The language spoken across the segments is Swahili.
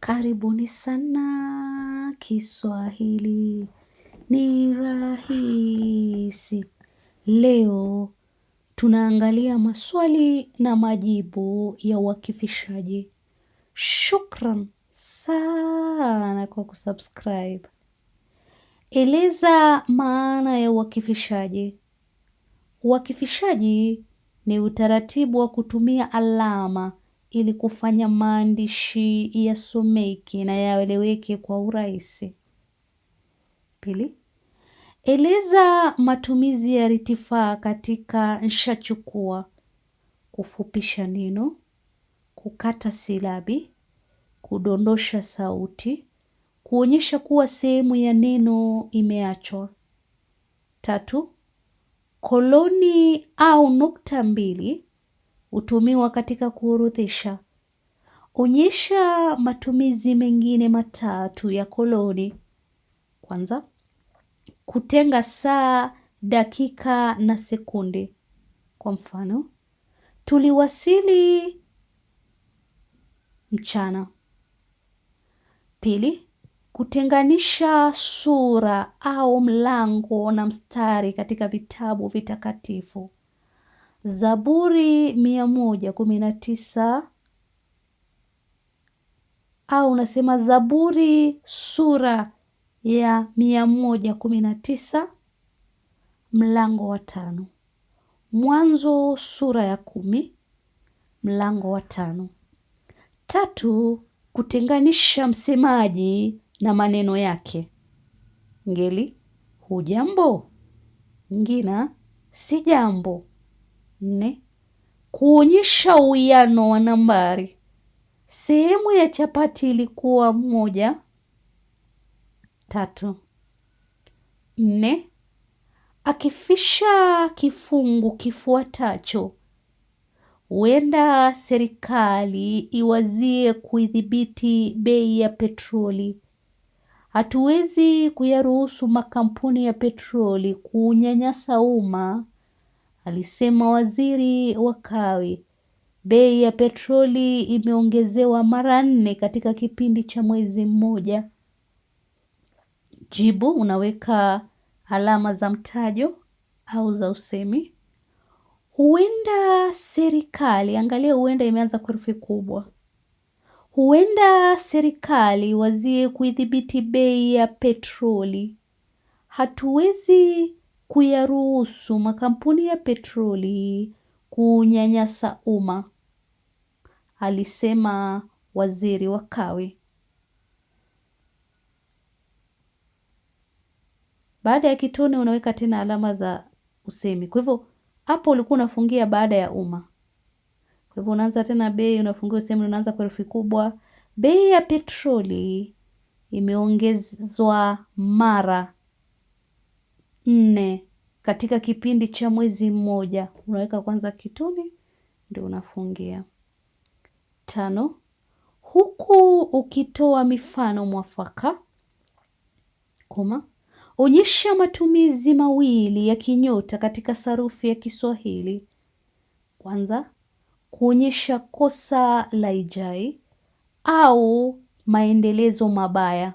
Karibuni sana kiswahili ni rahisi. Leo tunaangalia maswali na majibu ya uakifishaji. Shukran sana kwa kusubscribe. Eleza maana ya uakifishaji. Uakifishaji ni utaratibu wa kutumia alama ili kufanya maandishi yasomeke na yaeleweke kwa urahisi. Pili, eleza matumizi ya ritifaa katika nshachukua: kufupisha neno, kukata silabi, kudondosha sauti, kuonyesha kuwa sehemu ya neno imeachwa. Tatu, koloni au nukta mbili hutumiwa katika kuorodhesha. Onyesha matumizi mengine matatu ya koloni. Kwanza, kutenga saa, dakika na sekunde. Kwa mfano, tuliwasili mchana. Pili, kutenganisha sura au mlango na mstari katika vitabu vitakatifu. Zaburi mia moja kumi na tisa au unasema Zaburi sura ya mia moja kumi na tisa mlango wa tano Mwanzo sura ya kumi mlango wa tano. Tatu, kutenganisha msemaji na maneno yake. Ngeli hujambo, ngina si jambo, nne kuonyesha uwiano wa nambari. Sehemu ya chapati ilikuwa moja, tatu, nne. Akifisha kifungu kifuatacho, huenda serikali iwazie kuidhibiti bei ya petroli. Hatuwezi kuyaruhusu makampuni ya petroli kuunyanyasa umma alisema waziri wa kawi. Bei ya petroli imeongezewa mara nne katika kipindi cha mwezi mmoja. Jibu: unaweka alama za mtajo au za usemi. Huenda serikali, angalia, huenda imeanza kwa herufi kubwa. Huenda serikali wazie kuidhibiti bei ya petroli. Hatuwezi kuyaruhusu makampuni ya petroli kunyanyasa umma, alisema Waziri wa Kawe. Baada ya kitone unaweka tena alama za usemi. Kwa hivyo hapo ulikuwa unafungia baada ya umma. Kwa hivyo unaanza tena bei, unafungia usemi, unaanza kwa herufi kubwa. Bei ya petroli imeongezwa mara nne katika kipindi cha mwezi mmoja. Unaweka kwanza kituni ndio unafungia. Tano, huku ukitoa mifano mwafaka, koma, onyesha matumizi mawili ya kinyota katika sarufi ya Kiswahili. Kwanza, kuonyesha kosa la ijai au maendelezo mabaya.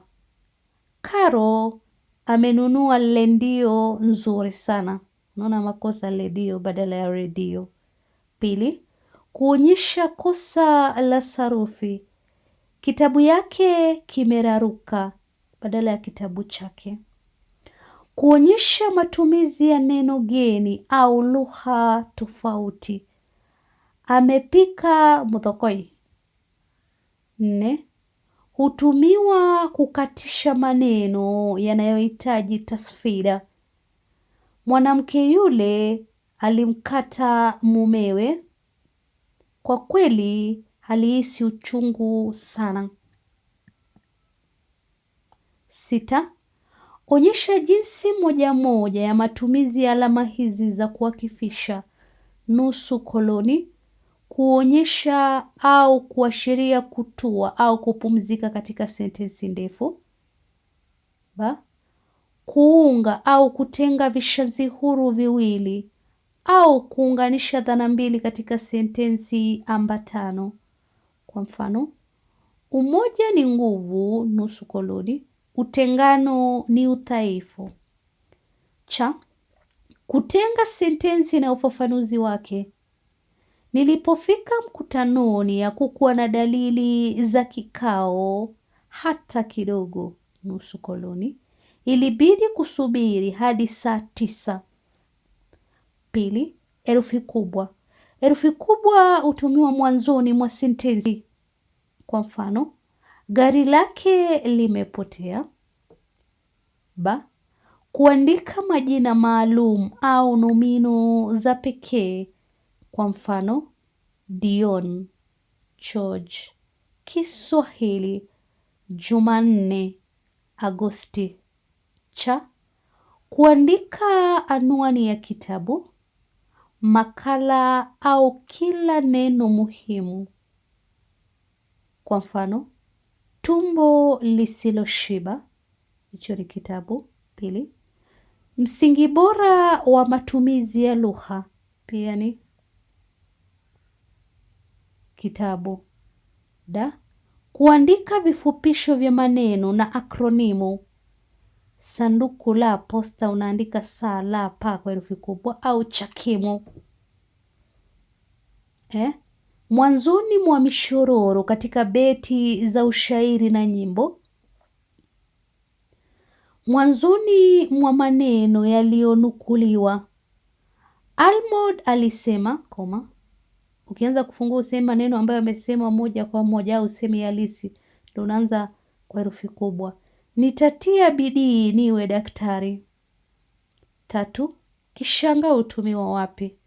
Karo amenunua lendio nzuri sana. Unaona makosa ledio badala ya redio. Pili, kuonyesha kosa la sarufi. Kitabu yake kimeraruka badala ya kitabu chake. Kuonyesha matumizi ya neno geni au lugha tofauti. Amepika mudhokoi. Nne, hutumiwa kukatisha maneno yanayohitaji tasfira Mwanamke yule alimkata mumewe. Kwa kweli alihisi uchungu sana. Sita, onyesha jinsi moja moja ya matumizi ya alama hizi za kuakifisha: nusu koloni, kuonyesha au kuashiria kutua au kupumzika katika sentensi ndefu. Ba, kuunga au kutenga vishazi huru viwili au kuunganisha dhana mbili katika sentensi ambatano. Kwa mfano, umoja ni nguvu, nusu koloni, utengano ni udhaifu. Cha, kutenga sentensi na ufafanuzi wake. Nilipofika mkutanoni hakukuwa na dalili za kikao hata kidogo nusu koloni. Ilibidi kusubiri hadi saa tisa. Pili, herufi kubwa. Herufi kubwa hutumiwa mwanzoni mwa sentensi. Kwa mfano, gari lake limepotea. Ba, kuandika majina maalum au nomino za pekee kwa mfano, Dion, George. Kiswahili, Jumanne, Agosti. Cha, kuandika anwani ya kitabu, makala au kila neno muhimu. Kwa mfano, Tumbo Lisiloshiba, hicho ni kitabu. Pili, msingi bora wa matumizi ya lugha, pia ni kitabu. Da, kuandika vifupisho vya maneno na akronimu. Sanduku la posta unaandika saa la pa kwa herufi kubwa au chakimu. Eh? Mwanzoni mwa mishororo katika beti za ushairi na nyimbo. Mwanzoni mwa maneno yaliyonukuliwa. Almod alisema koma Ukianza kufungua usemi maneno ambayo amesema moja kwa moja au usemi halisi, ndio unaanza kwa herufi kubwa. Nitatia bidii niwe daktari. Tatu, kishanga hutumiwa wapi?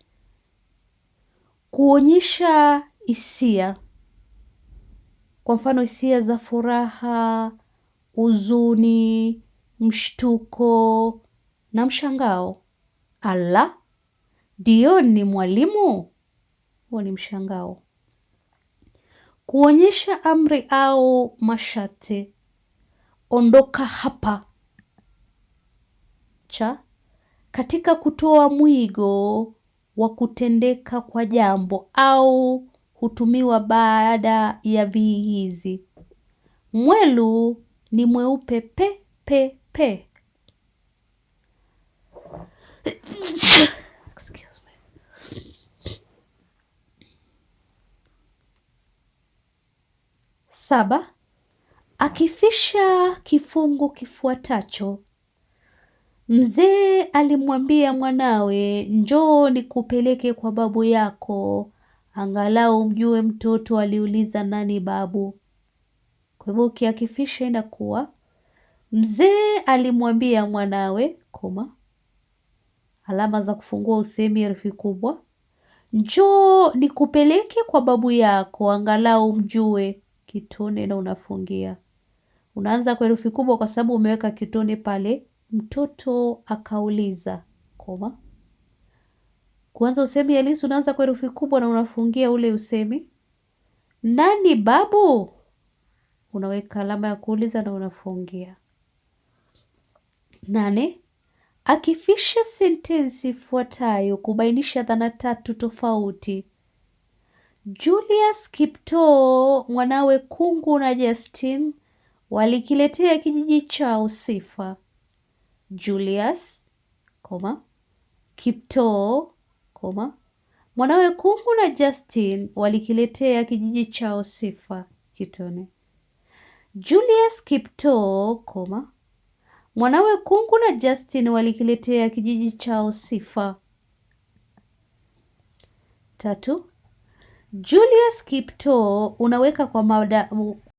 Kuonyesha hisia, kwa mfano hisia za furaha, huzuni, mshtuko na mshangao. Ala, ndio ni mwalimu? huo ni mshangao. Kuonyesha amri au masharti, ondoka hapa. Cha katika kutoa mwigo wa kutendeka kwa jambo au hutumiwa baada ya viigizi. Mwelu ni mweupe pe pe pe. saba akifisha kifungu kifuatacho: mzee alimwambia mwanawe, njoo nikupeleke kwa babu yako, angalau mjue mtoto aliuliza nani babu. Kwa hivyo ukiakifisha inakuwa mzee alimwambia mwanawe, koma, alama za kufungua usemi herufi kubwa, njoo nikupeleke kwa babu yako, angalau mjue kitone na unafungia. Unaanza kwa herufi kubwa kwa sababu umeweka kitone pale. Mtoto akauliza koma. Kuanza usemi halisi unaanza kwa herufi kubwa na unafungia ule usemi. Nani babu? Unaweka alama ya kuuliza na unafungia. Nane, akifisha sentensi ifuatayo kubainisha dhana tatu tofauti. Julius Kiptoo, mwanawe Kungu na Justin walikiletea kijiji chao sifa. Julius koma, Kipto koma, mwanawe Kungu na Justin walikiletea kijiji chao sifa kitone. Julius Kiptoo koma, mwanawe Kungu na Justin walikiletea kijiji chao sifa. Tatu, Julius kipto unaweka kwa mada,